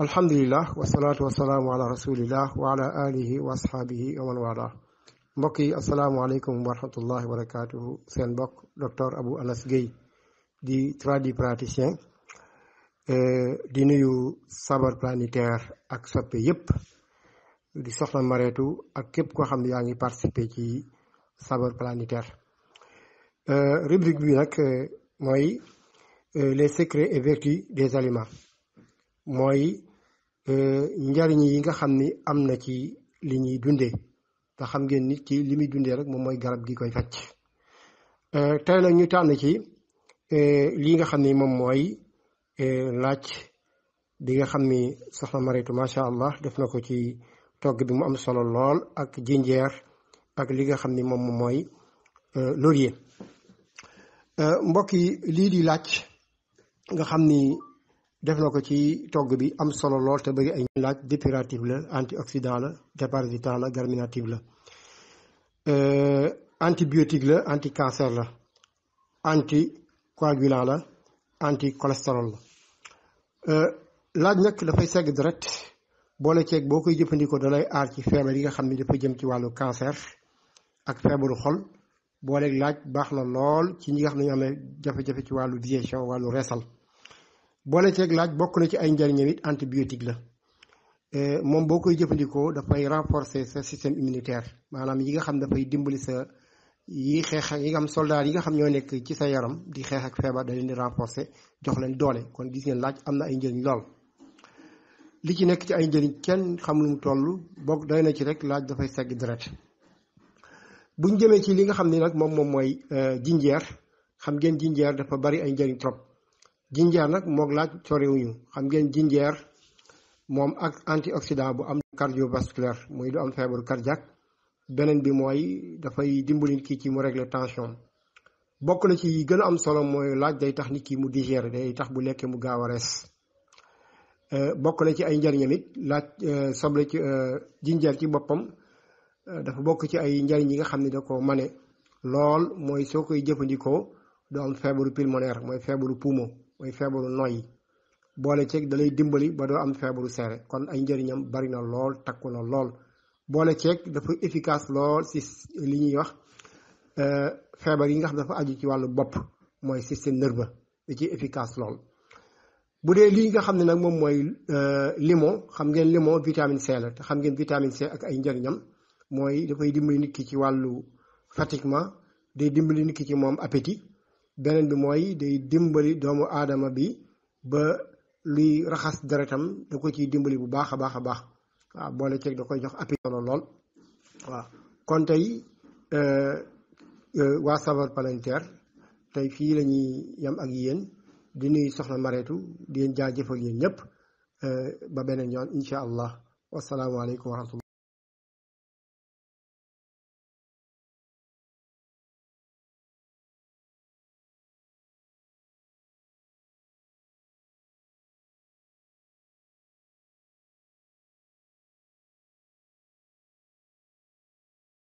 الحمد لله wasalaatu wasalaamu ala rasulillah wa ala alihi wa asxaabihi wa man wala mbokk yi asalaamualeykum wa rahmatullahi wa barakatuhu seen mbokk docteur Abou Anas Guèye di tradipraticien di nuyu sabar planétaire ak soppe yépp di soxna mareetu ak képp koo xam ne yaa ngi participer ci sabar planétaire rubrique bi nag mooy les secrets et vertus des aliments mooy Euh, njariñ yi nga xam ni am na ci li ñuy dundee te xam ngeen nit ci li muy dundee rek moom mooy garab gi koy faj euh, tey nag ñu tànn ci euh, lii nga xam ni moom mooy laaj bi nga xam ni soxna Maritu macha allah def ko ci togg bi mu am solo lool ak jinjeer ak li nga xam ni moom mooy laurier mbokk yi lii di laaj nga xam ni def na ko ci togg bi am solo lool te bëri ay laaj dépuratif la antioxydant la déparasitant la germinatif la euh, antibiotique la anti cancer la anti coagulant la anti cholestérol la euh, laaj nag dafay segg direct boole ceeg boo koy jëfandikoo dalay aar ci feebar yi nga xam ne dafa jëm ci wàllu cancer ak feebaru xol booleeg laaj baax na lool ci ñi nga xam ne ñu amee jafe-jafe ci wàllu digestion wàllu reesal boole ceeg laaj bokk na ci ay njëriñam it antibiotique la eh, moom boo koy jëfandikoo dafay renforcer sa système immunitaire maanaam yi nga xam dafay dimbali sa yi xeex ak yi nga xam soldat yi nga xam ñoo nekk ci sa yaram di xeex ak feebar da leen di renforcer jox leen doole kon gis ngeen laaj am na ay njëriñ lool. li ci nekk ci ay njëriñ kenn xam mu toll bokk doy na ci rek laaj dafay segg deret bu ñu jëmee ci li nga xam ne nag moom moom mooy eh, jinjeer xam ngeen jinjeer dafa bari ay njëriñ trop. jinjeer nag moog laaj soriwuñu xam ngeen jinjeer moom ak antioxydant bu am cardiovasculaire muy du am feebaru cardiaque beneen bi mooy dafay dimbali kii ci mu régler tension bokk na ci gën am solo mooy laaj day tax nit ki mu digérer day tax bu lekkee mu gaaw a rees euh, bokk na ci ay njariñam it laaj euh, soble ci euh, jinjeer ci boppam dafa bokk ci ay njariñ yi nga xam ne da ko mane lool mooy soo koy jëfandikoo doo am feebaru pulmonaire mooy feebaru poumon mooy feebaru noyyi boole ceeg dalay dimbali ba doo am feebaru seere kon ay njëriñam bari na lool takku na lool boole ceeg dafa efficace lool si li ñuy wax euh, feebar yi nga xam dafa aju ci wàllu bopp mooy système nerveux da ci efficace lool bu dee lii nga xam ne nag moom mooy euh, limon xam ngeen limon vitamine C la te xam ngeen vitamine C ak ay njëriñam mooy dafay dimbali nit ki ci wàllu fatiguement day dimbali nit ci moom appétit beneen bi mooy day dimbali doomu aadama bi ba luy raxas deretam da ko ciy dimbali bu baax a baax a baax waaw boole ceeg da koy jox appui solo lool waaw kon tey euh, euh, waa Saveurs Planétaires tey fii lañuy yam ak yéen di nuyu soxna Mareetu di leen jaajëfal yéen ñëpp euh, ba beneen yoon incha allah wasalaamualeykum wa rahmatullah